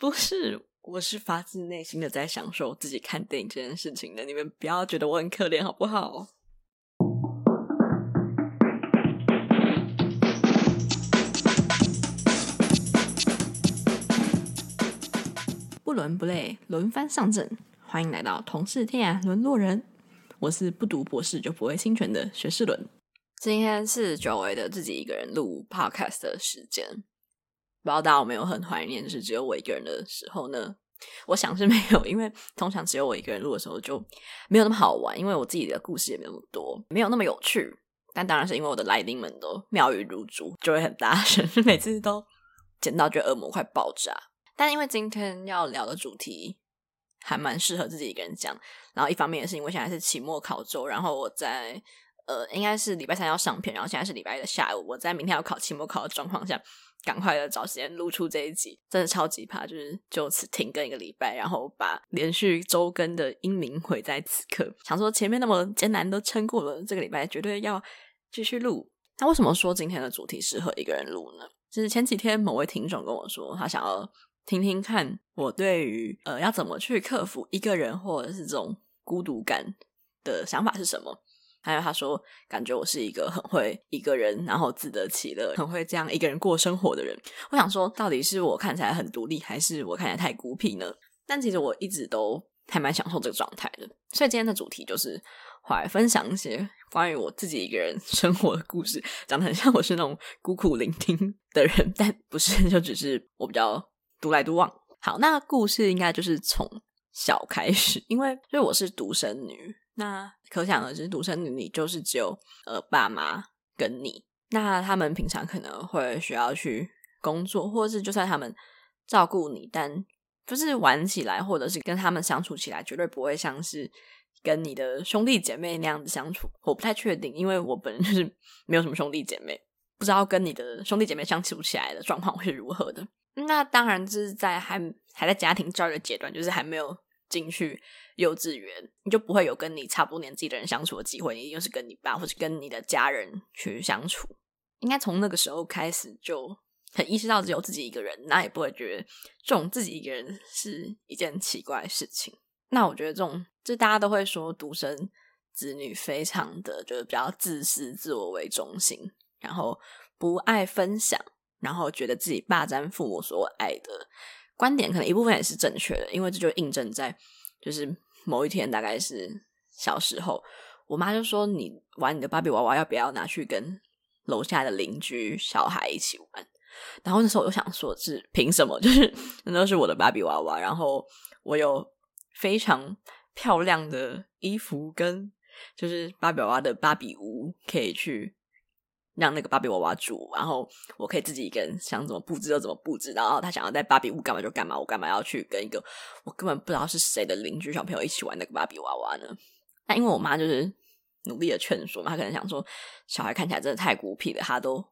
不是，我是發自內心的在享受自己看電影這件事情的。你們不要覺得我很可憐，好不好？不倫不類，輪番上陣，歡迎來到同是天涯淪落人。我是不讀博士就不會心存的學士倫。今天是久違的自己一個人錄 podcast 的時間。不知道大家有沒有很懷念，就是只有我一個人的時候呢？我想是沒有，因為通常只有我一個人錄的時候就沒有那麼好玩，因為我自己的故事也沒那麼多，沒有那麼有趣。但當然是因為我的來賓們都妙語如珠，就會很大聲，每次都剪到覺得耳膜快爆炸。但因為今天要聊的主題還蠻適合自己一個人講，然後一方面也是因為現在是期末考週，然後我在呃，應該是禮拜三要上片，然後現在是禮拜的下午。我在明天要考期末考的狀況下，趕快的找時間錄出這一集，真的超級怕，就是就此停更一個禮拜，然後把連續週更的英名毀在此刻。想說前面那麼艱難都撐過了，這個禮拜絕對要繼續錄。那為什麼說今天的主題適合一個人錄呢？就是前幾天某位聽眾跟我說，他想要聽聽看我對於呃要怎麼去克服一個人或者是這種孤獨感的想法是什麼。還有他說，感覺我是一個很會一個人，然後自得其樂，很會這樣一個人過生活的人。我想說，到底是我看起來很獨立，還是我看起來太孤僻呢？但其實我一直都還蠻享受這個狀態的。所以今天的主題就是，我來分享一些關於我自己一個人生活的故事。講得很像我是那種孤苦伶仃的人，但不是，就只是我比較獨來獨往。好，那故事應該就是從小開始，因為因為我是獨生女。那可想而知，獨生女女就是只有呃爸媽跟你。那他們平常可能會需要去工作，或者是就算他們照顧你，但就是玩起來，或者是跟他們相處起來，絕對不會像是跟你的兄弟姐妹那樣子相處。我不太確定，因為我本人就是沒有什麼兄弟姐妹，不知道跟你的兄弟姐妹相處起來的狀況會是如何的。那當然就是在還還在家庭教育的階段，就是還沒有進去，幼稚園，你就不會有跟你差不多年紀的人相處的機會，你就是跟你爸或者跟你的家人去相處。應該從那個時候開始就很意識到只有自己一個人，那也不會覺得這種自己一個人是一件奇怪的事情。那我覺得這種就大家都會說獨生子女非常的就是比較自私、自我為中心，然後不愛分享，然後覺得自己霸占父母所愛的。觀點可能一部分也是正確的，因為這就印證在就是。某一天，大概是小時候，我媽就說：“你玩你的芭比娃娃，要不要拿去跟樓下的鄰居小孩一起玩？”然後那時候我就想說：“是憑什麼？就是那都是我的芭比娃娃，然後我有非常漂亮的衣服，跟就是芭比娃娃的芭比屋可以去。”讓那個芭比娃娃住，然後我可以自己一個人想怎麼布置就怎麼布置，然後他想要在芭比屋幹嘛就幹嘛，我幹嘛要去跟一個我根本不知道是誰的鄰居小朋友一起玩那個芭比娃娃呢？那因為我媽就是努力的勸說嘛，她可能想說小孩看起來真的太孤僻了，他都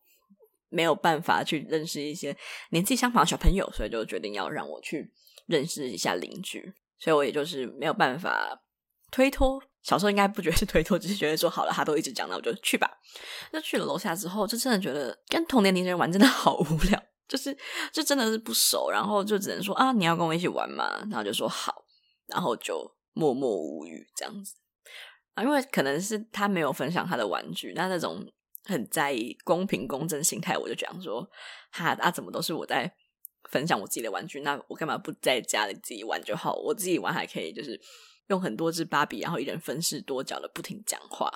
沒有辦法去認識一些年紀相仿的小朋友，所以就決定要讓我去認識一下鄰居，所以我也就是沒有辦法推脫。小時候應該不覺得是推脫，只、就是覺得說好了，他都一直講，那我就去吧。那去了樓下之後，就真的覺得跟同年齡人玩真的好無聊，就是就真的是不熟，然後就只能說啊，你要跟我一起玩嘛？然後就說好，然後就默默無語這樣子。啊，因為可能是他沒有分享他的玩具，那那種很在意公平公正心態，我就講說哈啊怎麼都是我在分享我自己的玩具，那我幹嘛不在家裡自己玩就好？我自己玩還可以，就是。用很多隻芭比，然後一人分飾多角的不停講話，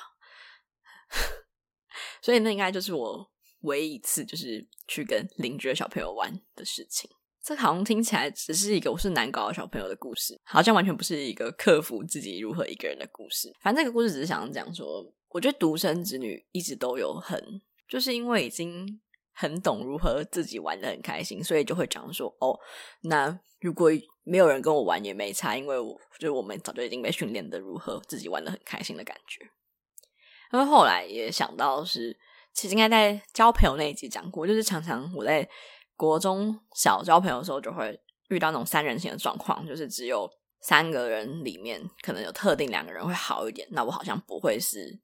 所以那應該就是我唯一一次就是去跟鄰居的小朋友玩的事情。這好像聽起來只是一個我是難搞的小朋友的故事，好像完全不是一個克服自己如何一個人的故事。反正這個故事只是想講說，我覺得獨生子女一直都有很，就是因為已經很懂如何自己玩得很開心，所以就會講說哦，那如果。沒有人跟我玩也沒差，因為我就是、我們早就已經被訓練得如何自己玩得很開心的感覺。然後後來也想到是，其實應該在交朋友那一集講過，就是常常我在國中小交朋友的時候，就會遇到那種三人行的狀況，就是只有三個人裡面，可能有特定兩個人會好一點，那我好像不會是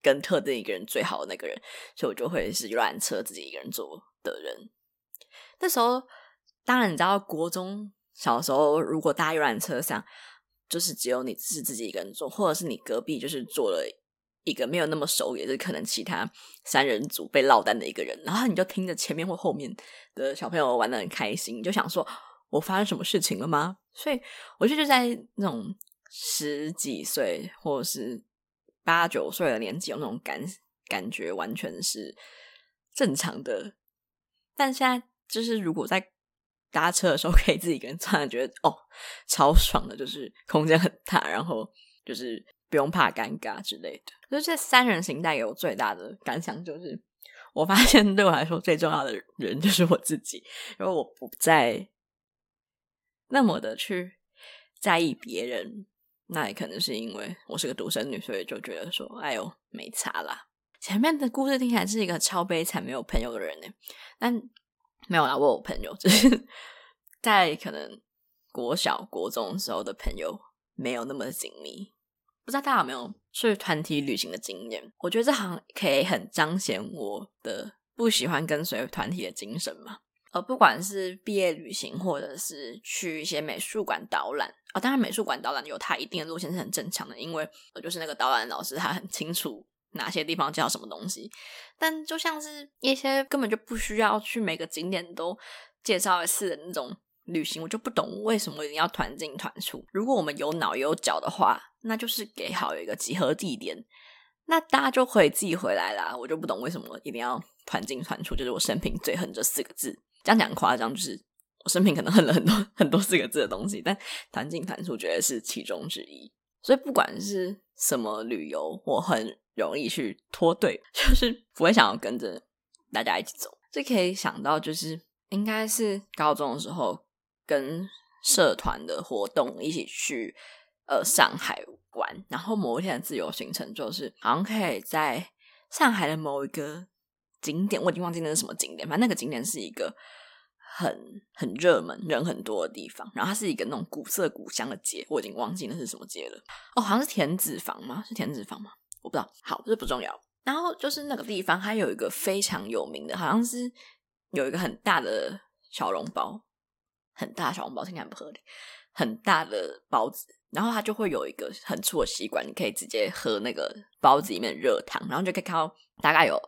跟特定一個人最好的那個人，所以我就會是亂車自己一個人坐的人。那時候，當然你知道國中。小時候，如果搭遊覽車上，就是只有你是自己一個人坐，或者是你隔壁就是坐了一個沒有那麼熟，也是可能其他三人組被落單的一個人，然後你就聽着前面或後面的小朋友玩得很開心，就想說：我發生什麼事情了嗎？所以，我覺得在那種十幾歲或者是八九歲的年紀，有那種感感覺，完全是正常的。但現在，就是如果在搭車的時候可以自己跟穿，突然覺得哦，超爽的，就是空間很大，然後就是不用怕尷尬之類的。所以這三人行帶給我最大的感想就是，我發現對我來說最重要的人就是我自己，因為我不再那麼的去在意別人。那也可能是因為我是個獨生女，所以就覺得說，哎呦，沒差啦。前面的故事聽起來是一個超悲慘沒有朋友的人呢，但沒有啦，我有我朋友，就是在可能國小、國中的時候的朋友，沒有那麼緊密。不知道大家有沒有去團體旅行的經驗？我覺得這好像可以很彰顯我的不喜歡跟隨團體的精神嘛。而不管是畢業旅行，或者是去一些美術館導覽啊，哦，當然美術館導覽有它一定的路線是很正常的，因為我就是那個導覽老師他很清楚。哪些地方叫什麼東西，但就像是一些根本就不需要去每個景點都介紹一次的那種旅行，我就不懂為什麼一定要團進團出。如果我們有腦有腳的話，那就是給好一個集合地點，那大家就可以自己回來啦，我就不懂為什麼一定要團進團出，就是我生平最恨這四個字。這樣講誇張，就是我生平可能恨了很多很多四個字的東西，但團進團出，覺得是其中之一。所以不管是什麼旅遊，我很。容易去脫隊，就是不會想要跟着大家一起走。這可以想到,就是應該是高中的時候跟社團的活動一起去呃上海玩，然後某一天的自由行程就是好像可以在上海的某一個景點，我已經忘記那是什麼景點，反正那個景點是一個很很熱門、人很多的地方，然後它是一個那種古色古香的街，我已經忘記那是什麼街了。哦，好像是田子坊嗎？是田子坊嗎？我不知道，好，這不重要。然後就是那個地方，它有一個非常有名的，好像是有一個很大的小籠包，很大的小籠包現在不合理，很大的包子。然後它就會有一個很粗的吸管，你可以直接喝那個包子裡面熱湯，然後就可以看到大概有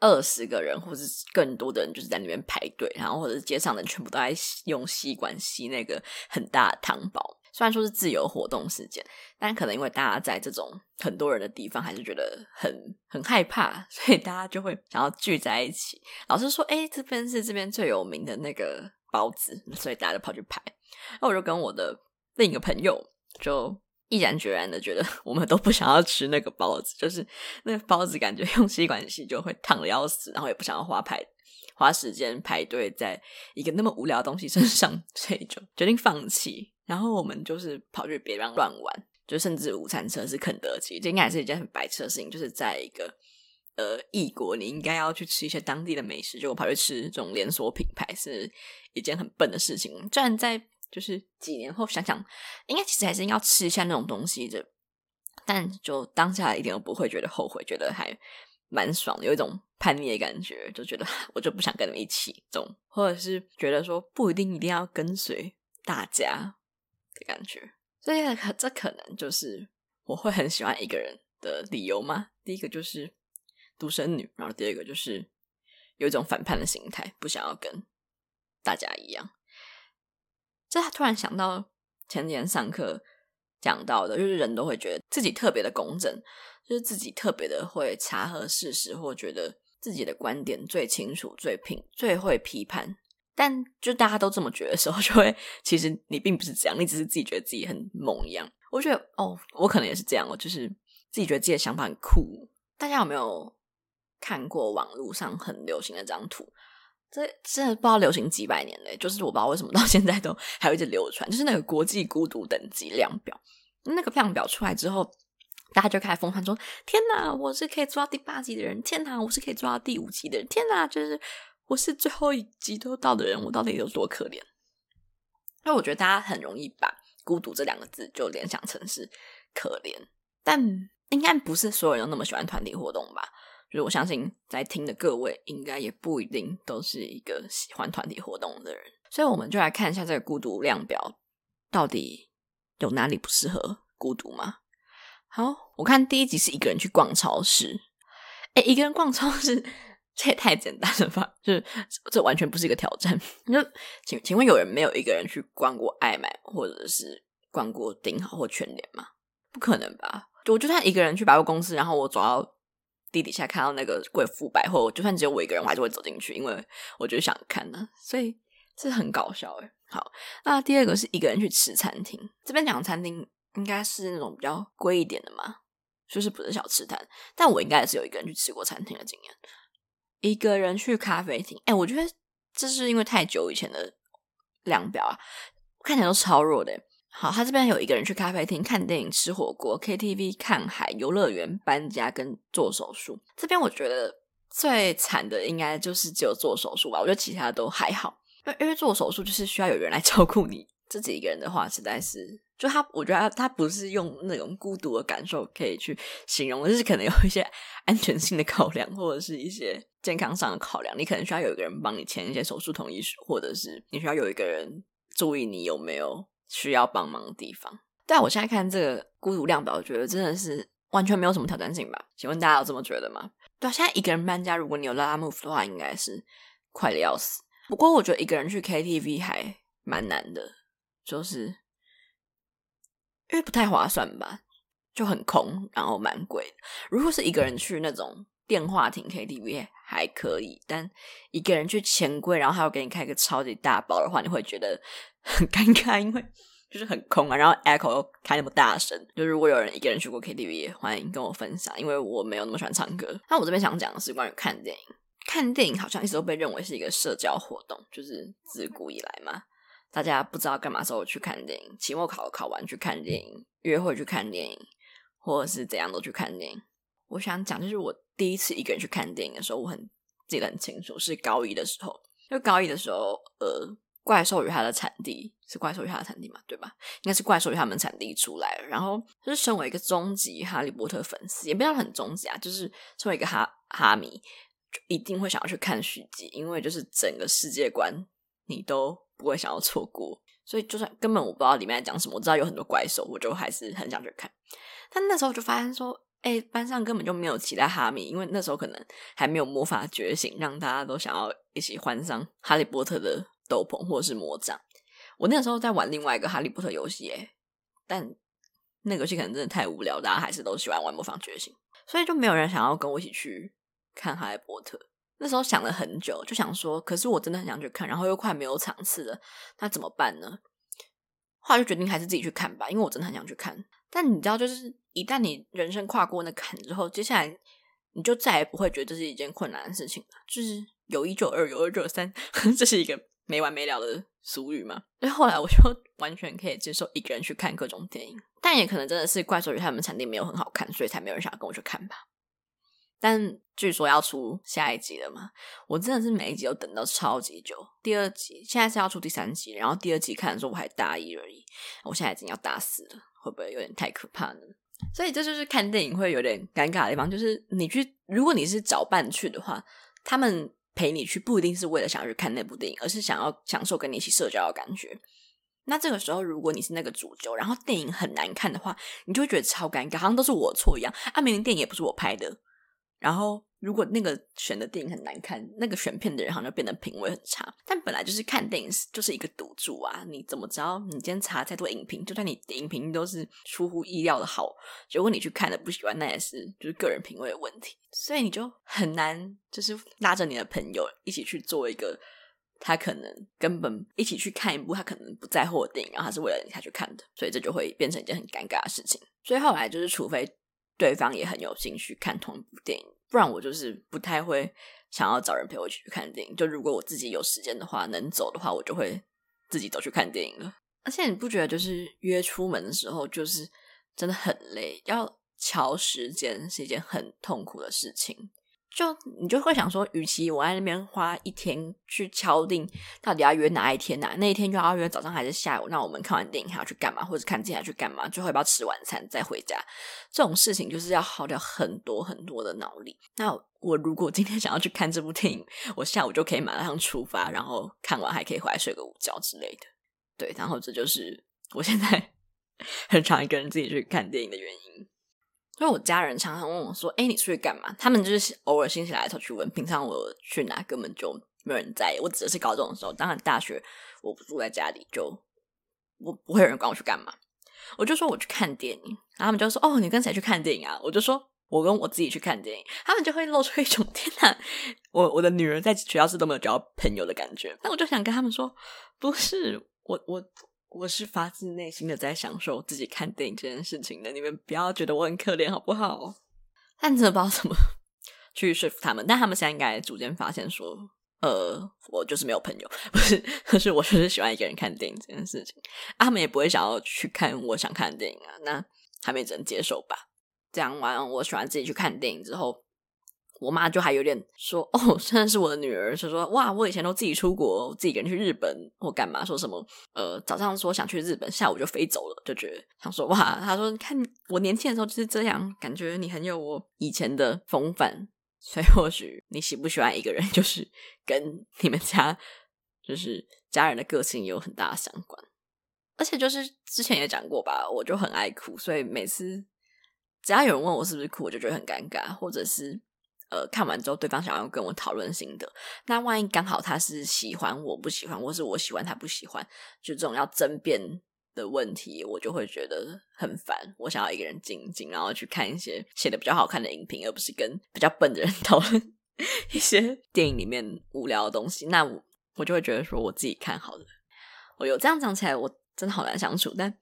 二十個人或是更多的人就是在裡面排隊，然後或者街上的人全部都在用吸管吸那個很大的湯包。雖然說是自由活動時間，但可能因為大家在這種很多人的地方，還是覺得很很害怕，所以大家就會想要聚在一起。老師說：“哎、欸，這邊是這邊最有名的那個包子，所以大家就跑去排。”那我就跟我的另一個朋友就毅然決然的覺得，我們都不想要吃那個包子，就是那個包子感覺用吸管吸就會燙得要死，然後也不想要花排花時間排隊在一個那麼無聊的東西身上，所以就決定放棄。然後我們就是跑去別地方亂玩，就甚至午餐車是肯德基，這應該也是一件很白痴的事情。就是在一個呃異國，你應該要去吃一些當地的美食，就我跑去吃這種連鎖品牌，是一件很笨的事情。雖然在就是幾年後想想，應該其實還是應該要吃一下那種東西的，但就當下一點都不會覺得後悔，覺得還蠻爽，有一種叛逆的感覺，就覺得我就不想跟你們一起，這種或者是覺得說不一定一定要跟隨大家的感覺，所以這可能就是我會很喜歡一個人的理由嗎？第一個就是獨生女，然後第二個就是有一種反叛的心態，不想要跟大家一樣。這他突然想到前幾天上課講到的，就是人都會覺得自己特別的公正，就是自己特別的會查核事實，或覺得自己的觀點最清楚、最評、最會批判。但就大家都這麼覺得的時候，就會其實你並不是這樣，你只是自己覺得自己很猛一樣。我覺得哦，我可能也是這樣，我就是自己覺得自己的想法很酷。大家有沒有看過網絡上很流行的這張圖？這真的不知道流行幾百年嘞，就是我不知道為什麼到現在都還會一直流傳，就是那個國際孤獨等級量表。那個量表出來之後，大家就開始瘋傳說：“天哪，我是可以做到第八級的人！天吶，我是可以做到第五級的人！天哪，就是。”我是最後一集都到的人，我到底有多可憐？所以我覺得大家很容易把“孤獨”這兩個字就聯想成是可憐，但應該不是所有人都那麼喜歡團體活動吧？所以我相信在聽的各位，應該也不一定都是一個喜歡團體活動的人，所以我們就來看一下這個孤獨量表到底有哪裡不適合孤獨嗎？好，我看第一集是一個人去逛超市，哎，一個人逛超市。這也太簡單了吧！就是這完全不是一個挑戰。那 請請問有人沒有一個人去逛過愛買，或者是逛過頂好或全聯嗎？不可能吧？就我就算一個人去百貨公司，然後我走到地底下看到那個貴婦百貨，就算只有我一個人，我還是會走進去，因為我就想看的。所以這很搞笑哎。好，那第二個是一個人去吃餐廳。嗯、這邊講餐廳，應該是那種比較貴一點的嘛，就是不是小吃攤。但我應該也是有一個人去吃過餐廳的經驗。一個人去咖啡廳，哎，我覺得這是因為太久以前的量表啊，看起來都超弱的。好，他這邊有一個人去咖啡廳、看電影、吃火鍋、KTV、看海、遊樂園、搬家跟做手術。這邊我覺得最慘的應該就是只有做手術吧，我覺得其他都還好，因為因為做手術就是需要有人來照顧你，自己一個人的話實在是。就他，我覺得他不是用那種孤獨的感受可以去形容，就是可能有一些安全性的考量，或者是一些健康上的考量。你可能需要有一個人幫你簽一些手術同意書，或者是你需要有一個人注意你有沒有需要幫忙的地方。對啊，我現在看這個孤獨量表，我覺得真的是完全沒有什麼挑戰性吧？請問大家有這麼覺得嗎？對啊，現在一個人搬家，如果你有拉拉 Move 的話，應該是快的要死。不過我覺得一個人去 KTV 還蠻難的，就是。因為不太划算吧，就很空，然後蠻貴的。如果是一個人去那種電話亭 KTV 還可以，但一個人去錢櫃，然後還要給你開個超級大包的話，你會覺得很尷尬，因為就是很空啊。然後 echo 又開那麼大聲，就是、如果有人一個人去過 KTV，歡迎跟我分享，因為我沒有那麼喜歡唱歌。那我這邊想講的是關於看電影，看電影好像一直都被認為是一個社交活動，就是自古以來嘛。大家不知道幹嘛時候去看電影，期末考考完去看電影，約會去看電影，或者是怎樣都去看電影。我想講，就是我第一次一個人去看電影的時候，我很記得很清楚，是高一的時候。就高一的時候，呃，怪獸與它的產地是怪獸與它的產地嘛，對吧？應該是怪獸與它們產地出來了。然後，就是身為一個終極哈利波特粉絲，也不要很終極啊，就是身為一個哈哈迷，就一定會想要去看續集，因為就是整個世界觀你都。不會想要錯過，所以就算根本我不知道裡面在講什麼，我知道有很多怪獸，我就還是很想去看。但那時候就發現說，哎，班上根本就沒有其他哈迷，因為那時候可能還沒有魔法覺醒，讓大家都想要一起換上哈利波特的斗篷，或者是魔杖。我那個時候在玩另外一個哈利波特遊戲，但那個遊戲可能真的太無聊，大家還是都喜歡玩魔法覺醒，所以就沒有人想要跟我一起去看哈利波特。那時候想了很久，就想說，可是我真的很想去看，然後又快沒有場次了，那怎麼辦呢？後來就決定還是自己去看吧，因為我真的很想去看。但你知道，就是一旦你人生跨過那坎之後，接下來你就再也不會覺得這是一件困難的事情了。就是有一就二，有二就三，這是一個沒完沒了的俗語嘛。所以後來我就完全可以接受一個人去看各種電影，但也可能真的是怪獸與他們產地沒有很好看，所以才沒有人想要跟我去看吧。但據說要出下一集了嘛？我真的是每一集都等到超級久。第二集現在是要出第三集，然後第二集看的時候我還大一而已，我現在已經要大四了，會不會有點太可怕呢？所以這就是看電影會有點尷尬的地方，就是你去，如果你是找伴去的話，他們陪你去不一定是為了想要去看那部電影，而是想要享受跟你一起社交的感覺。那這個時候，如果你是那個主角，然後電影很難看的話，你就會覺得超尷尬，好像都是我錯一樣。啊，明明電影也不是我拍的。然後，如果那個選的電影很難看，那個選片的人好像就變得品味很差。但本來就是看電影就是一個賭注啊！你怎麼知道？你今天查再多影評，就算你影評都是出乎意料的好，結果你去看的不喜歡，那也是就是個人品味的問題。所以你就很難，就是拉着你的朋友一起去做一個他可能根本一起去看一部他可能不在乎的電影，然後他是為了你才去看的，所以這就會變成一件很尷尬的事情。所以後來就是，除非。對方也很有興趣看同一部電影，不然我就是不太會想要找人陪我一起去看電影。就如果我自己有時間的話，能走的話，我就會自己走去看電影了。而且你不覺得就是約出門的時候，就是真的很累，要喬時間是一件很痛苦的事情。就你就會想說，與其我在那邊花一天去敲定到底要約哪一天吶、啊，那一天就要約早上還是下午？那我們看完電影還要去幹嘛，或者看接下來去幹嘛？最後要不要吃晚餐再回家？這種事情就是要耗掉很多很多的腦力。那我，我如果今天想要去看這部電影，我下午就可以馬上出發，然後看完還可以回來睡個午覺之類的。對，然後這就是我現在很常一個人自己去看電影的原因。所以，我家人常常問我說：“哎，你出去幹嘛？”他們就是偶爾興起來頭去問，平常我去哪根本就沒有人在意。我指的是高中的時候，當然大學我不住在家裡，就我不會有人管我去幹嘛。我就說我去看電影，然後他們就說：“哦，你跟誰去看電影啊？”我就說我跟我自己去看電影，他們就會露出一種“天吶，我我的女兒在學校是都沒有交朋友”的感覺。那我就想跟他們說：“不是，我我。”我是發自內心的在享受自己看電影這件事情的，你們不要覺得我很可憐，好不好？但、啊、真的不知道怎麼去說服他們，但他們現在應該逐漸發現說，呃，我就是沒有朋友，不是，可是我就是喜歡一個人看電影這件事情，啊、他們也不會想要去看我想看的電影啊，那他們也只能接受吧。講完我喜歡自己去看電影之後。我媽就還有點說哦，真的是我的女兒。就說哇，我以前都自己出國，自己一個人去日本或幹嘛，說什麼呃，早上說想去日本，下午就飛走了，就覺得想說哇。她說看我年輕的時候就是這樣，感覺你很有我以前的風範。所以或許你喜不喜歡一個人，就是跟你們家就是家人的個性有很大的相關。而且就是之前也講過吧，我就很愛哭，所以每次只要有人問我是不是哭，我就覺得很尷尬，或者是。呃，看完之後，對方想要跟我討論心得，那萬一剛好他是喜歡我不喜歡，或是我喜歡他不喜歡，就這種要爭辯的問題，我就會覺得很煩。我想要一個人靜靜，然後去看一些寫的比較好看的影評，而不是跟比較笨的人討論 一些電影裡面無聊的東西。那我我就會覺得說，我自己看好了。我、哦、有這樣講起來，我真的好難相處。但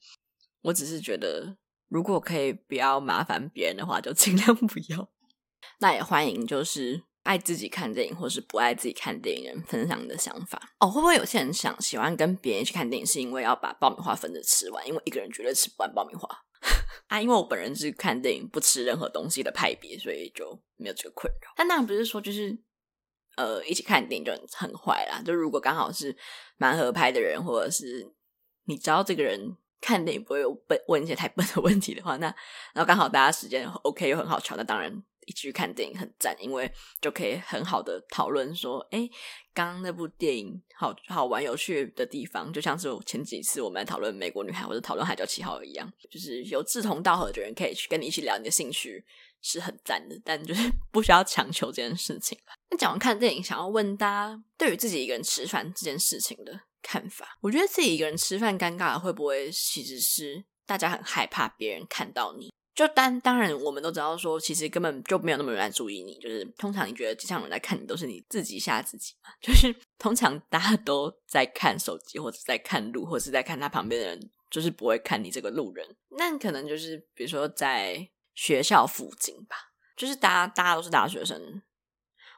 我只是覺得，如果可以不要麻煩別人的話，就盡量不要。那也歡迎，就是愛自己看電影，或是不愛自己看電影人分享你的想法哦。會不會有些人想喜歡跟別人一起看電影，是因為要把爆米花分着吃完？因為一個人絕對吃不完爆米花 啊。因為我本人是看電影不吃任何東西的派別，所以就沒有這個困擾。但當然不是說就是呃，一起看電影就很壞啦。就如果剛好是蠻合拍的人，或者是你知道這個人看電影不會問問一些太笨的問題的話，那然後剛好大家時間 OK 又很好喬，那當然。一去看電影很贊，因為就可以很好的討論說，哎、欸，剛剛那部電影好好玩有趣的地方，就像是我前幾次我們來討論《美國女孩》或者討論《海角七號》一樣，就是有志同道合的人可以去跟你一起聊，你的興趣是很贊的，但就是不需要強求這件事情。那講完看電影，想要問大家對於自己一個人吃飯這件事情的看法，我覺得自己一個人吃飯尷尬，會不會其實是大家很害怕別人看到你？就當當然，我們都知道說，其實根本就沒有那麼多人來注意你，就是通常你覺得街上有人在看你，都是你自己嚇自己嘛。就是通常大家都在看手機，或者是在看路，或者是在看他旁邊的人，就是不會看你這個路人。那可能就是比如說在學校附近吧，就是大家大家都是大學生。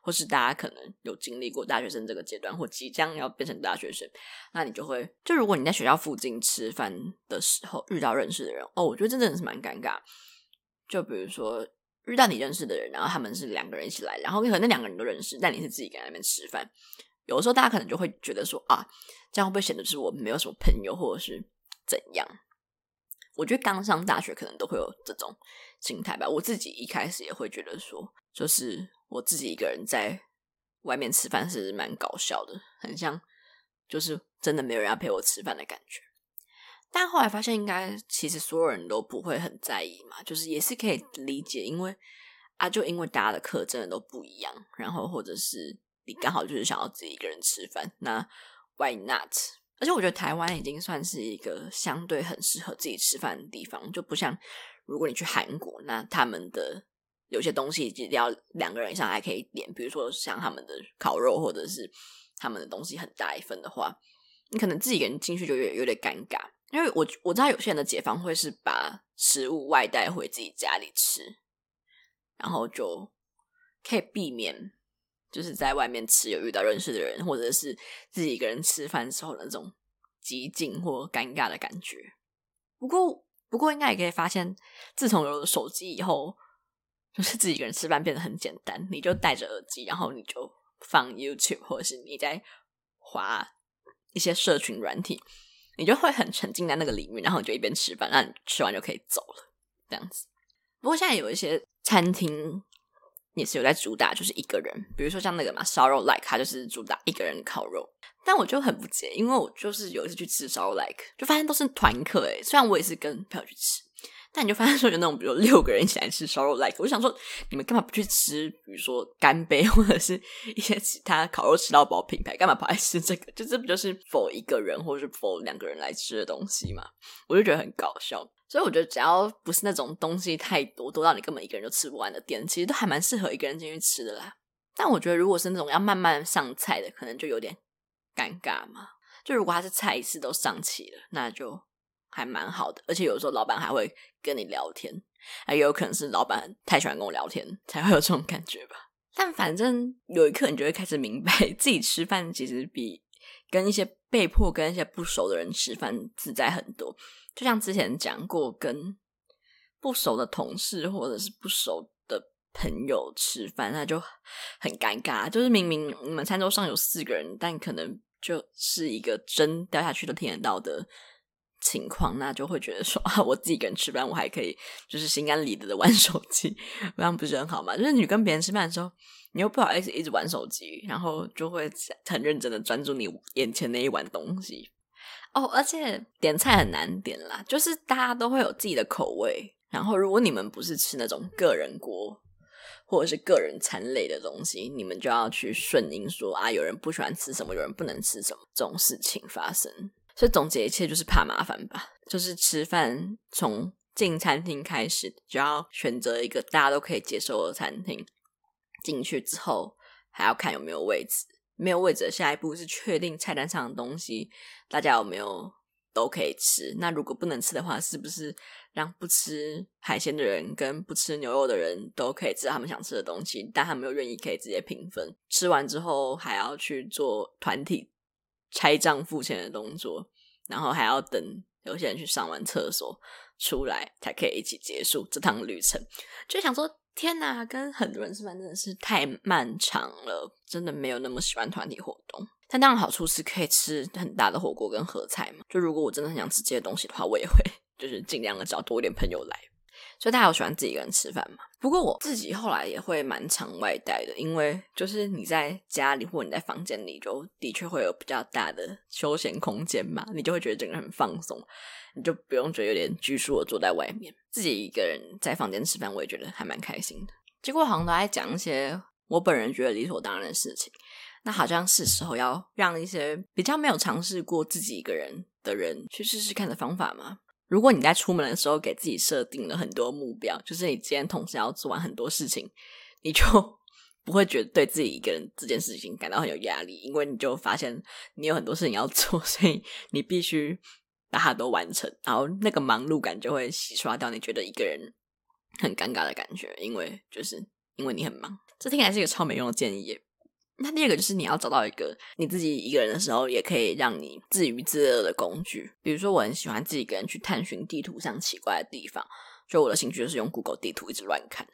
或是大家可能有經歷過大學生這個階段，或即將要變成大學生，那你就會就如果你在學校附近吃飯的時候遇到認識的人哦，我覺得這真的是蠻尷尬。就比如說遇到你認識的人，然後他們是兩個人一起來，然後可能那兩個人都認識，但你是自己在那邊吃飯，有的時候大家可能就會覺得說啊，這樣會不會顯得是我沒有什麼朋友，或者是怎樣？我覺得剛上大學可能都會有這種心態吧。我自己一開始也會覺得說，就是。我自己一個人在外面吃飯是蠻搞笑的，很像就是真的沒有人要陪我吃飯的感覺。但後來發現，應該其實所有人都不會很在意嘛，就是也是可以理解，因為啊，就因為大家的課真的都不一樣，然後或者是你剛好就是想要自己一個人吃飯，那 why not？而且我覺得台灣已經算是一個相對很適合自己吃飯的地方，就不像如果你去韓國，那他們的。有些東西一定要兩個人以上還可以點，比如說像他們的烤肉或者是他們的東西很大一份的話，你可能自己一個人進去就有點有點尷尬。因為我我知道有些人的解方會是把食物外帶回自己家裡吃，然後就可以避免就是在外面吃有遇到認識的人或者是自己一個人吃飯的時候那種寂靜或尷尬的感覺。不過不過應該也可以發現，自從有了手機以後，就是自己一個人吃飯變得很簡單，你就戴着耳機，然後你就放 YouTube，或者是你在滑一些社群軟體，你就會很沉浸在那個裡面，然後你就一邊吃飯，那你吃完就可以走了，這樣子。不過現在有一些餐廳也是有在主打就是一個人，比如說像那個嘛燒肉 like，它就是主打一個人烤肉，但我就很不解，因為我就是有一次去吃燒肉 like，就發現都是團客欸，雖然我也是跟朋友去吃。但你就發現說有那種，比如說六個人一起來吃燒肉 e、like, 我就想說，你們幹嘛不去吃，比如說乾杯或者是一些其他烤肉吃到飽品牌，幹嘛跑來吃這個？就這不就是 for 一個人或者是 for 兩個人來吃的東西嘛？我就覺得很搞笑。所以我覺得只要不是那種東西太多，多到你根本一個人就吃不完的店，其實都還蠻適合一個人進去吃的啦。但我覺得如果是那種要慢慢上菜的，可能就有點尷尬嘛。就如果它是菜一次都上齊了，那就。還蠻好的，而且有時候老闆還會跟你聊天，也有可能是老闆太喜歡跟我聊天，才會有這種感覺吧。但反正有一刻你就會開始明白，自己吃飯其實比跟一些被迫跟一些不熟的人吃飯自在很多。就像之前講過，跟不熟的同事或者是不熟的朋友吃飯，那就很尷尬。就是明明你們餐桌上有四個人，但可能就是一個針掉下去都聽得到的情況，那就會覺得說啊，我自己一個人吃飯，我還可以就是心安理得的玩手機，這樣不是很好嘛。就是你跟別人吃飯的時候，你又不好意思一直玩手機，然後就會很認真的專注你眼前那一碗東西哦。而且點菜很難點啦，就是大家都會有自己的口味，然後如果你們不是吃那種個人鍋或者是個人餐類的東西，你們就要去順應說啊，有人不喜歡吃什麼，有人不能吃什麼，這種事情發生。這總結一切就是怕麻煩吧？就是吃飯，從進餐廳開始就要選擇一個大家都可以接受的餐廳。進去之後還要看有沒有位置，沒有位置的下一步是確定菜單上的東西大家有沒有都可以吃。那如果不能吃的話，是不是讓不吃海鮮的人跟不吃牛肉的人都可以吃他們想吃的東西？但他們又願意可以直接平分。吃完之後還要去做團體拆賬付錢的動作。然後還要等有些人去上完廁所出來，才可以一起結束這趟旅程。就想說，天哪，跟很多人吃飯真的是太漫長了，真的沒有那麼喜歡團體活動。但當然好處是可以吃很大的火鍋跟合菜嘛。就如果我真的很想吃這些東西的話，我也會就是盡量的找多一點朋友來。所以大家有喜歡自己一個人吃飯嗎？不過我自己後來也會蠻常外帶的，因為就是你在家裡或者你在房間裡，就的確會有比較大的休閒空間嘛，你就會覺得整個人很放鬆，你就不用覺得有點拘束的坐在外面。自己一個人在房間吃飯，我也覺得還蠻開心的。結果好像都在講一些我本人覺得理所當然的事情，那好像是時候要讓一些比較沒有嘗試過自己一個人的人去試試看的方法嘛。如果你在出門的時候給自己設定了很多目標，就是你今天同時要做完很多事情，你就不會覺得對自己一個人這件事情感到很有壓力，因為你就發現你有很多事情要做，所以你必須把它都完成，然後那個忙碌感就會洗刷掉你覺得一個人很尷尬的感覺，因為就是因為你很忙，這聽起來是一個超沒用的建議耶。那第二個就是你要找到一個你自己一個人的時候也可以讓你自娛自樂的工具，比如說我很喜歡自己一個人去探尋地圖上奇怪的地方，所以我的興趣就是用 Google 地圖一直亂看，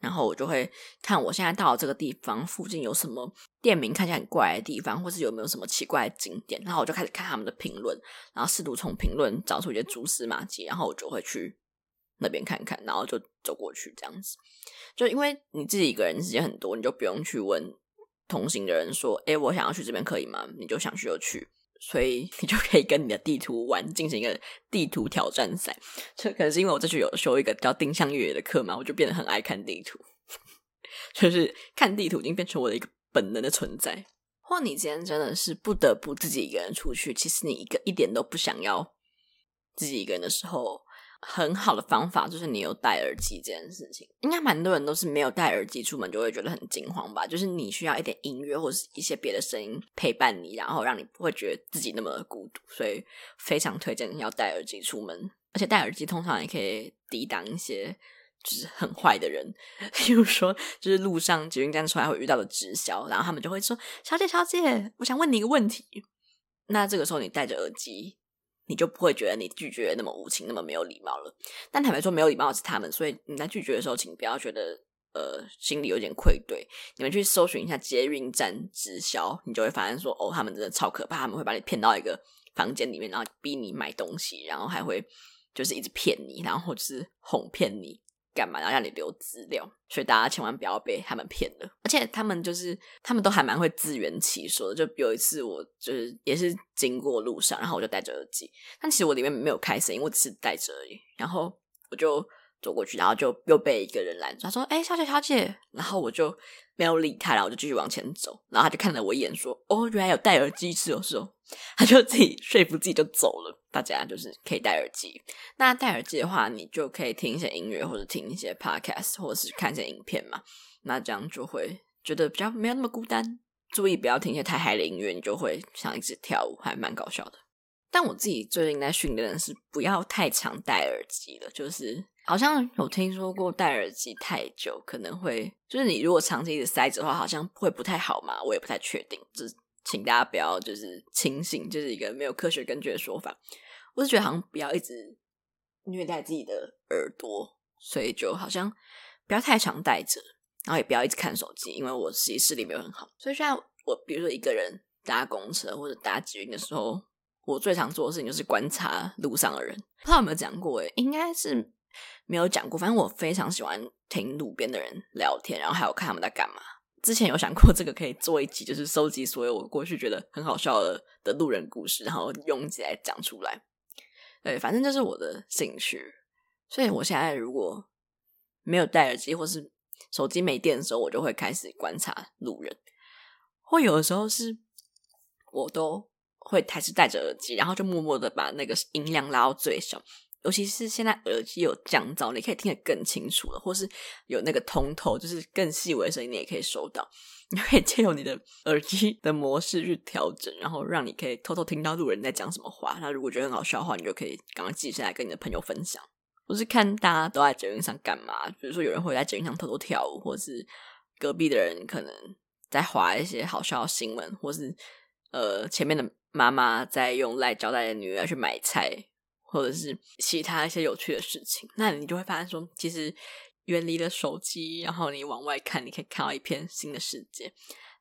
然後我就會看我現在到的這個地方附近有什麼店名看起來很怪的地方，或是有沒有什麼奇怪的景點，然後我就開始看他們的評論，然後試圖從評論找出一些蛛絲馬跡，然後我就會去那邊看看，然後就走過去這樣子，就因為你自己一個人時間很多，你就不用去問。同行的人說：“誒、欸，我想要去這邊，可以嗎？”你就想去就去，所以你就可以跟你的地圖玩，進行一個地圖挑戰賽。這可能是因為我這就有修一個叫定向越野的課嘛，我就變得很愛看地圖， 就是看地圖已經變成我的一個本能的存在。或你今天真的是不得不自己一個人出去，其實你一個一點都不想要自己一個人的時候。很好的方法就是你有戴耳機這件事情，應該蠻多人都是沒有戴耳機出門就會覺得很驚慌吧。就是你需要一點音樂或者是一些別的聲音陪伴你，然後讓你不會覺得自己那麼的孤獨，所以非常推薦你要戴耳機出門。而且戴耳機通常也可以抵擋一些就是很壞的人，比如說就是路上捷運站出來會遇到的直銷，然後他們就會說：“小姐，小姐，我想問你一個問題。”那這個時候你戴着耳機。你就不會覺得你拒絕那麼無情，那麼沒有禮貌了。但坦白說，沒有禮貌的是他們，所以你在拒絕的時候，請不要覺得呃心裡有點愧對。你們去搜尋一下捷運站直銷，你就會發現說哦，他們真的超可怕，他們會把你騙到一個房間裡面，然後逼你買東西，然後還會就是一直騙你，然後或者是哄騙你。幹嘛？然後讓你留資料，所以大家千萬不要被他們騙了。而且他們就是，他們都還蠻會自圓其說的。就有一次，我就是也是經過路上，然後我就戴着耳機，但其實我裡面沒有開聲音，因為我只是戴着而已。然後我就走過去，然後就又被一個人攔住，他說：“哎、欸，小姐，小姐。”然後我就沒有理他，然後我就繼續往前走。然後他就看了我一眼，說：“哦，原來有戴耳機，是有時候。”他就自己說服自己就走了。大家就是可以戴耳機，那戴耳機的話，你就可以聽一些音樂，或者聽一些 podcast，或者是看一些影片嘛。那這樣就會覺得比較沒有那麼孤單。注意不要聽一些太嗨的音樂，你就會想一直跳舞，還蠻搞笑的。但我自己最近在訓練的人是不要太常戴耳機了，就是好像有聽說過戴耳機太久可能會，就是你如果長期一直塞着的話，好像會不太好嘛。我也不太確定，就是請大家不要就是輕信，這、就是一個沒有科學根據的說法。我是覺得好像不要一直虐待自己的耳朵，所以就好像不要太常戴着，然後也不要一直看手機，因為我其實視力沒有很好。所以現在我比如說一個人搭公車或者搭捷運的時候，我最常做的事情就是觀察路上的人。不知道有沒有講過欸？哎，應該是沒有講過。反正我非常喜歡聽路邊的人聊天，然後還有看他們在幹嘛。之前有想過這個可以做一集，就是收集所有我過去覺得很好笑的的路人故事，然後用起來講出來。對，反正就是我的興趣，所以我現在如果沒有戴耳機，或是手機沒電的時候，我就會開始觀察路人。或有的時候是，我都會還是戴着耳機，然後就默默的把那個音量拉到最小。尤其是現在耳機有降噪，你可以聽得更清楚了，或是有那個通透，就是更細微的聲音你也可以收到。你可以借由你的耳機的模式去調整，然後讓你可以偷偷聽到路人在講什麼話。那如果覺得很好笑的話，你就可以趕快記下來，跟你的朋友分享。我是看大家都在捷運上幹嘛，比如說有人會在捷運上偷偷跳舞，或是隔壁的人可能在滑一些好笑的新聞，或是呃前面的媽媽在用賴交代的女兒要去買菜，或者是其他一些有趣的事情。那你就會發現說，其實。遠離了手機，然後你往外看，你可以看到一片新的世界。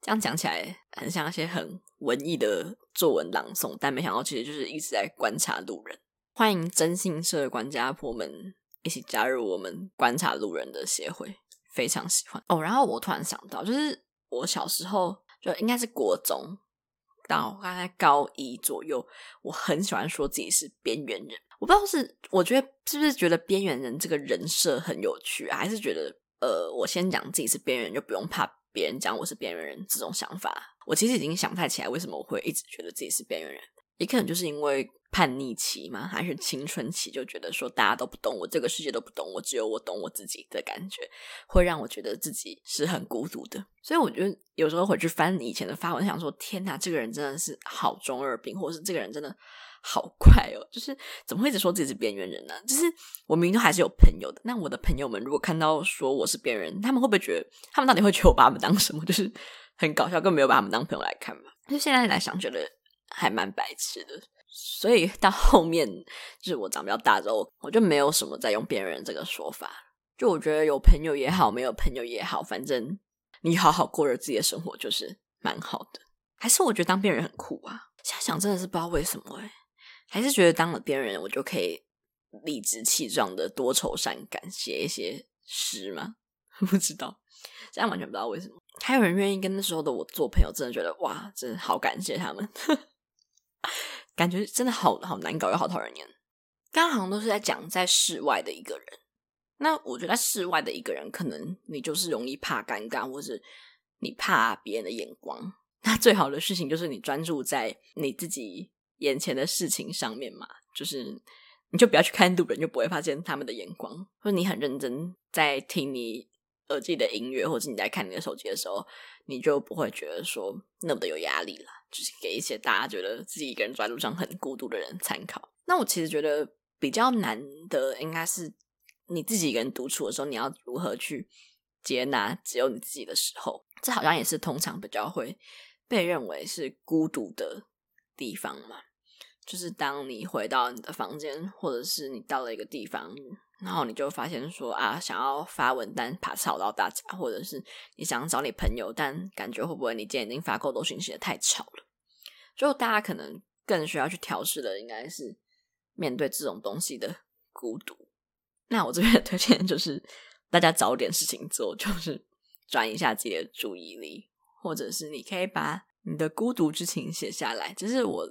這樣講起來，很像一些很文藝的作文朗誦，但沒想到，其實就是一直在觀察路人。歡迎徵信社的管家婆們一起加入我們觀察路人的協會。非常喜歡。哦，然後我突然想到，就是我小時候就應該是國中到大概高一左右，我很喜歡說自己是邊緣人。我不知道是，我覺得是不是覺得邊緣人這個人設很有趣啊，還是覺得呃，我先講自己是邊緣人，就不用怕別人講我是邊緣人這種想法。我其實已經想不太起來，為什麼我會一直覺得自己是邊緣人？也可能就是因為叛逆期嘛，還是青春期，就覺得說大家都不懂我，這個世界都不懂我，只有我懂我自己的感覺，會讓我覺得自己是很孤獨的。所以我覺得有時候回去翻以前的發文，想說天哪，這個人真的是好中二病，或者是這個人真的。好怪哦，就是怎麼會一直說自己是邊緣人呢？就是我明明都還是有朋友的。那我的朋友們如果看到說我是邊緣人，他們會不會覺得他們到底會覺得我把他們當什麼？就是很搞笑，根本沒有把他們當朋友來看嘛。就現在來想，覺得還蠻白痴的。所以到後面就是我長比較大之後，我就沒有什麼在用邊緣人這個說法。就我覺得有朋友也好，沒有朋友也好，反正你好好過着自己的生活就是蠻好的。還是我覺得當邊緣人很酷啊。瞎想真的是不知道為什麼誒、欸還是覺得當了別人，我就可以理直氣壯的多愁善感，寫一些詩嗎？不知道，這樣完全不知道為什麼。還有人願意跟那時候的我做朋友，真的覺得哇，真的好感謝他們。 感覺真的好好難搞又好討人厭。剛好像都是在講在室外的一個人。那我覺得室外的一個人，可能你就是容易怕尷尬，或是你怕別人的眼光。那最好的事情就是你專注在你自己。眼前的事情上面嘛，就是你就不要去看路人，就不會發現他們的眼光。或者你很認真在聽你耳機的音樂，或者你在看你的手機的時候，你就不會覺得說那麼的有壓力了。就是給一些大家覺得自己一個人在路上很孤獨的人參考。那我其實覺得比較難的，應該是你自己一個人獨處的時候，你要如何去接納只有你自己的時候。這好像也是通常比較會被認為是孤獨的。地方嘛，就是當你回到你的房間，或者是你到了一個地方，然後你就發現說啊，想要發文，但，怕吵到大家，或者是你想要找你朋友，但感覺會不會你今天已經發夠多信息了，太吵了。就大家可能更需要去調適的，應該是面對這種東西的孤獨。那我這邊的推薦就是大家找點事情做，就是轉移一下自己的注意力，或者是你可以把你的孤獨之情寫下來，這、就是我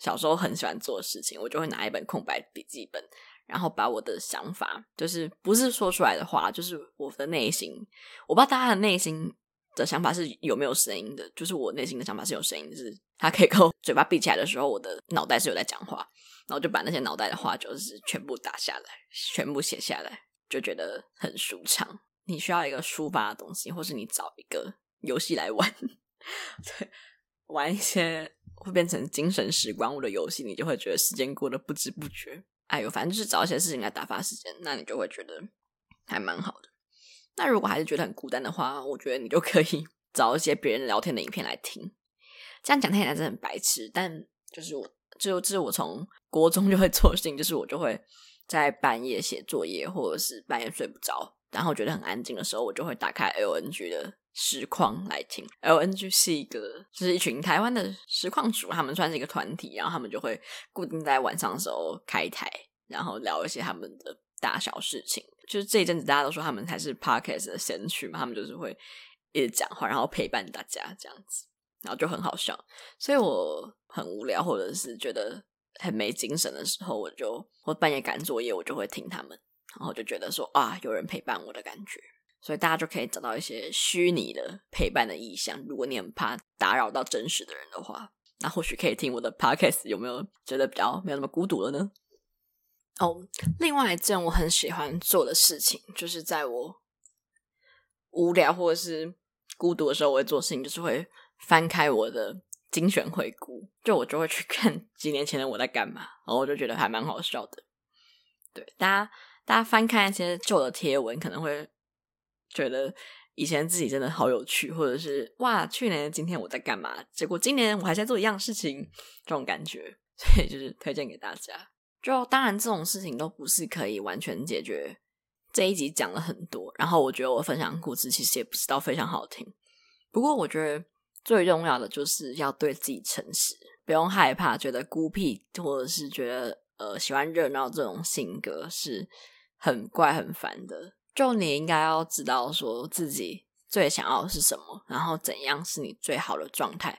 小時候很喜歡做的事情。我就會拿一本空白筆記本，然後把我的想法，就是不是說出來的話，就是我的內心。我不知道大家的內心的想法是有沒有聲音的，就是我內心的想法是有聲音，就是他可以跟我嘴巴閉起來的時候，我的腦袋是有在講話，然後就把那些腦袋的話就是全部打下來，全部寫下來，就覺得很舒暢。你需要一個抒發的東西，或是你找一個遊戲來玩。對，玩一些會變成精神時光屋的遊戲，你就會覺得時間過得不知不覺。哎呦，反正就是找一些事情來打發時間，那你就會覺得還蠻好的。那如果還是覺得很孤單的話，我覺得你就可以找一些別人聊天的影片來聽。這樣講聽起來真的很白痴，但就是我，就、就是我從國中就會做事情，就是我就會在半夜寫作業，或者是半夜睡不着，然後覺得很安靜的時候，我就會打開 LNG 的。實況來聽，LNG 是一個就是一群台灣的實況主，他們算是一個團體，然後他們就會固定在晚上的時候開台，然後聊一些他們的大小事情。就是這一陣子大家都說他們才是 Podcast 的先驅嘛，他們就是會一直講話，然後陪伴大家這樣子，然後就很好笑。所以我很無聊或者是覺得很沒精神的時候，我就我半夜趕作業，我就會聽他們，然後就覺得說啊，有人陪伴我的感覺。所以大家就可以找到一些虛擬的陪伴的意向。如果你很怕打擾到真實的人的話，那或許可以聽我的 podcast，有沒有覺得比較沒有那麼孤獨了呢？哦、oh，另外一件我很喜歡做的事情，就是在我無聊或者是孤獨的時候，我會做事情，就是會翻開我的精選回顧，就我就會去看幾年前的我在幹嘛，然後我就覺得還蠻好笑的。對，大家大家翻看一些舊的貼文，可能會。覺得以前自己真的好有趣，或者是哇，去年今天我在幹嘛？結果今年我還在做一樣事情，這種感覺，所以就是推薦給大家。就當然這種事情都不是可以完全解決。這一集講了很多，然後我覺得我分享故事其實也不是到非常好聽。不過我覺得最重要的就是要對自己誠實，不用害怕，覺得孤僻或者是覺得呃喜歡熱鬧這種性格是很怪很煩的。就你應該要知道說自己最想要的是什麼，然後怎樣是你最好的狀態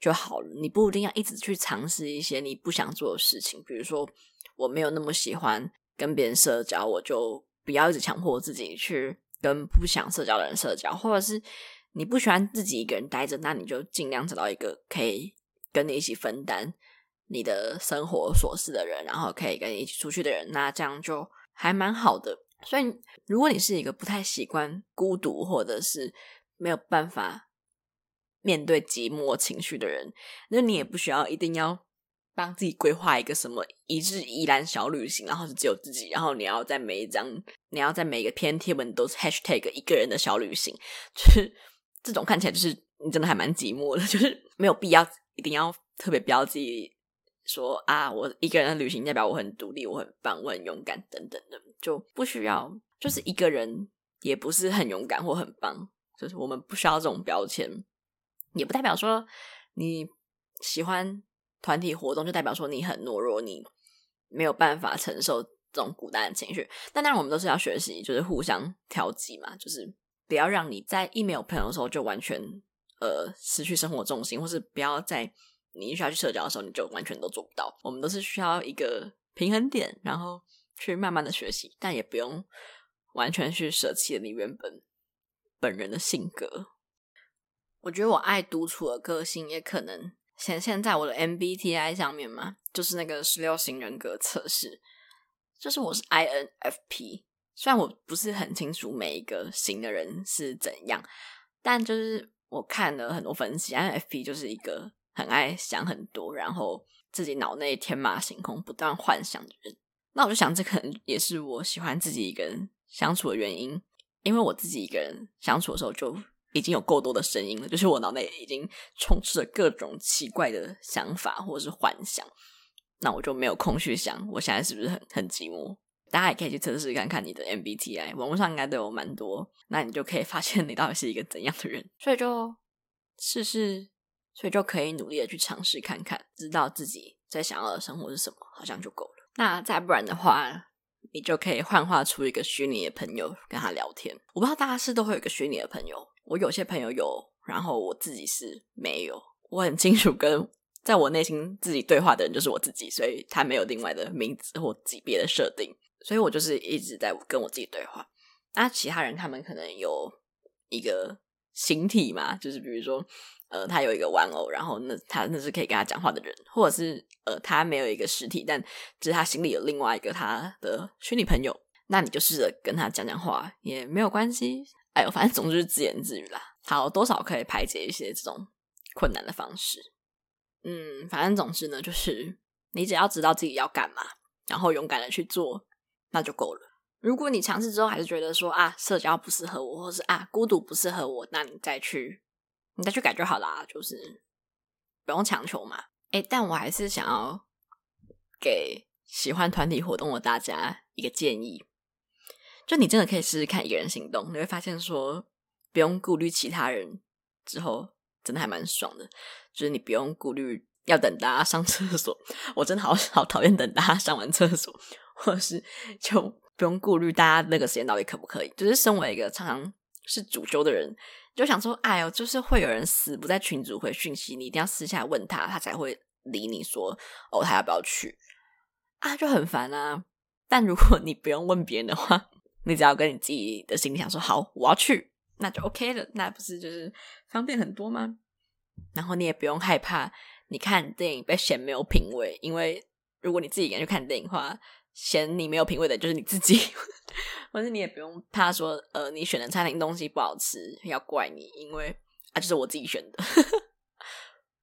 就好了。你不一定要一直去嘗試一些你不想做的事情。比如說，我沒有那麼喜歡跟別人社交，我就不要一直強迫自己去跟不想社交的人社交。或者是你不喜歡自己一個人待着，那你就盡量找到一個可以跟你一起分擔你的生活瑣事的人，然後可以跟你一起出去的人，那這樣就還蠻好的。所以，如果你是一個不太習慣孤獨，或者是沒有辦法面對寂寞情緒的人，那你也不需要一定要幫自己規劃一個什麼一日宜蘭小旅行，然後是只有自己，然後你要在每一張、你要在每一個篇貼文都是 #hashtag 一個人的小旅行，就是這種看起來就是你真的還蠻寂寞的，就是沒有必要一定要特別標記說啊，我一個人的旅行代表我很獨立，我很棒，我很勇敢等等的。就不需要，就是一個人也不是很勇敢或很棒，就是我們不需要這種標籤，也不代表說你喜歡團體活動就代表說你很懦弱，你沒有辦法承受這種孤單的情緒。但當然，我們都是要學習，就是互相調劑嘛，就是不要讓你在一沒有朋友的時候就完全呃失去生活重心，或是不要在你需要去社交的時候你就完全都做不到。我們都是需要一個平衡點，然後。去慢慢的學習，但也不用完全去捨棄了你原本本人的性格。我覺得我愛獨處的個性，也可能顯現在我的 MBTI 上面嘛，就是那個十六型人格測試。就是我是 INFP，雖然我不是很清楚每一個型的人是怎樣，但就是我看了很多分析，INFP 就是一個很愛想很多，然後自己腦內天馬行空、不斷幻想的人。那我就想，這可能也是我喜歡自己一個人相處的原因，因為我自己一個人相處的時候，就已經有夠多的聲音了，就是我腦內已經充斥着各種奇怪的想法或者是幻想。那我就沒有空去想，我現在是不是很很寂寞？大家也可以去測試看看你的 MBTI，網絡上應該都有蠻多，那你就可以發現你到底是一個怎樣的人。所以就試試，所以就可以努力的去嘗試看看，知道自己在想要的生活是什麼，好像就夠了。那再不然的話，你就可以幻化出一個虛擬的朋友跟他聊天。我不知道大家是都會有一個虛擬的朋友，我有些朋友有，然後我自己是沒有。我很清楚跟在我內心自己對話的人就是我自己，所以他沒有另外的名字或級別的設定，所以我就是一直在跟我自己對話。那其他人他們可能有一個。形體嘛，就是比如說，呃，他有一個玩偶，然後那他那是可以跟他講話的人，或者是呃，他沒有一個實體，但只是他心裡有另外一個他的虛擬朋友，那你就試着跟他講講話也沒有關係。哎呦，反正總之是自言自語啦，好，多少可以排解一些這種困難的方式。嗯，反正總之呢，就是你只要知道自己要幹嘛，然後勇敢的去做，那就夠了。如果你嘗試之後還是覺得說啊社交不適合我，或是啊孤獨不適合我，那你再去你再去改就好了啊，就是不用強求嘛。欸，但我還是想要給喜歡團體活動的大家一個建議，就你真的可以試試看一個人行動，你會發現說不用顧慮其他人之後，真的還蠻爽的。就是你不用顧慮要等大家上廁所，我真的好好討厭等大家上完廁所，或者是就。不用顧慮大家那個時間到底可不可以？就是身為一個常常是主修的人，就想說，哎喲就是會有人死不在群組回訊息，你一定要私下問他，他才會理你說，哦，他要不要去啊？就很煩啊。但如果你不用問別人的話，你只要跟你自己的心裡想說，好，我要去，那就 OK 了，那不是就是方便很多嗎？然後你也不用害怕你看電影被嫌沒有品味，因為如果你自己敢去看電影的話。嫌你沒有品味的就是你自己，或者你也不用怕說，呃，你選的餐廳東西不好吃要怪你，因為啊，就是我自己選的，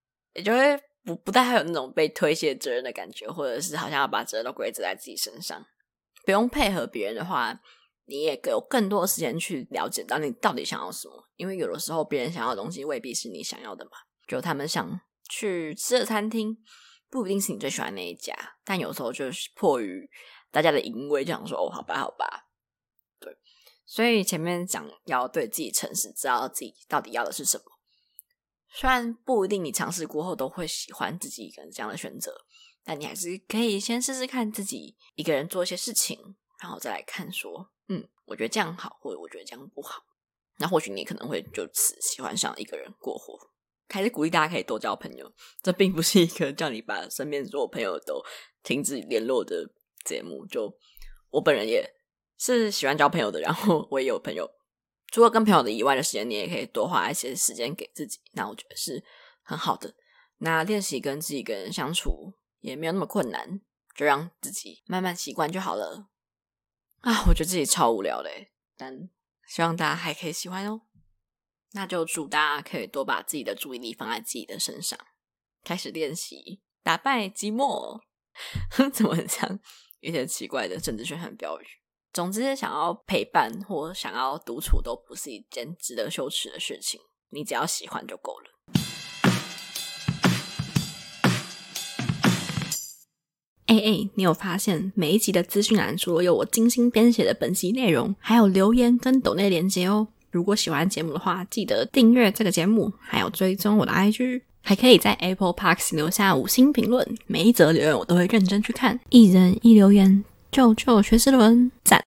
也就會不不太有那種被推卸責任的感覺，或者是好像要把責任都歸責在自己身上。不用配合別人的話，你也給有更多的時間去了解到你到底想要什麼，因為有的時候別人想要的東西未必是你想要的嘛，就他們想去吃的餐廳。不一定是你最喜歡的那一家，但有時候就是迫於大家的淫威，這樣說，哦，好吧，好吧，對。所以前面講要對自己誠實，知道自己到底要的是什麼。雖然不一定你嘗試過後都會喜歡自己一個人這樣的選擇，但你還是可以先試試看自己一個人做一些事情，然後再來看說，嗯，我覺得這樣好，或者我覺得這樣不好。那或許你可能會就此喜歡上一個人過活。還是鼓勵大家可以多交朋友，這並不是一個叫你把身邊所有朋友都停止聯絡的節目。就我本人也是喜歡交朋友的，然後我也有朋友。除了跟朋友的以外的時間，你也可以多花一些時間給自己，那我覺得是很好的。那練習跟自己跟人相處也沒有那麼困難，就讓自己慢慢習慣就好了。啊，我覺得自己超無聊嘞，但希望大家還可以喜歡哦。那就祝大家可以多把自己的注意力放在自己的身上，開始練習打敗寂寞。 怎麼講？有些奇怪的政治宣傳標語。總之，想要陪伴或想要獨處都不是一件值得羞恥的事情。你只要喜歡就夠了。哎哎，你有發現每一集的資訊欄除了有我精心編寫的本集內容，還有留言跟抖內連接哦。如果喜歡節目的話，記得訂閱這個節目，還有追蹤我的 IG，還可以在 Apple Parks 留下五星評論。每一則留言我都會認真去看，一人一留言，救救薛之倫讚。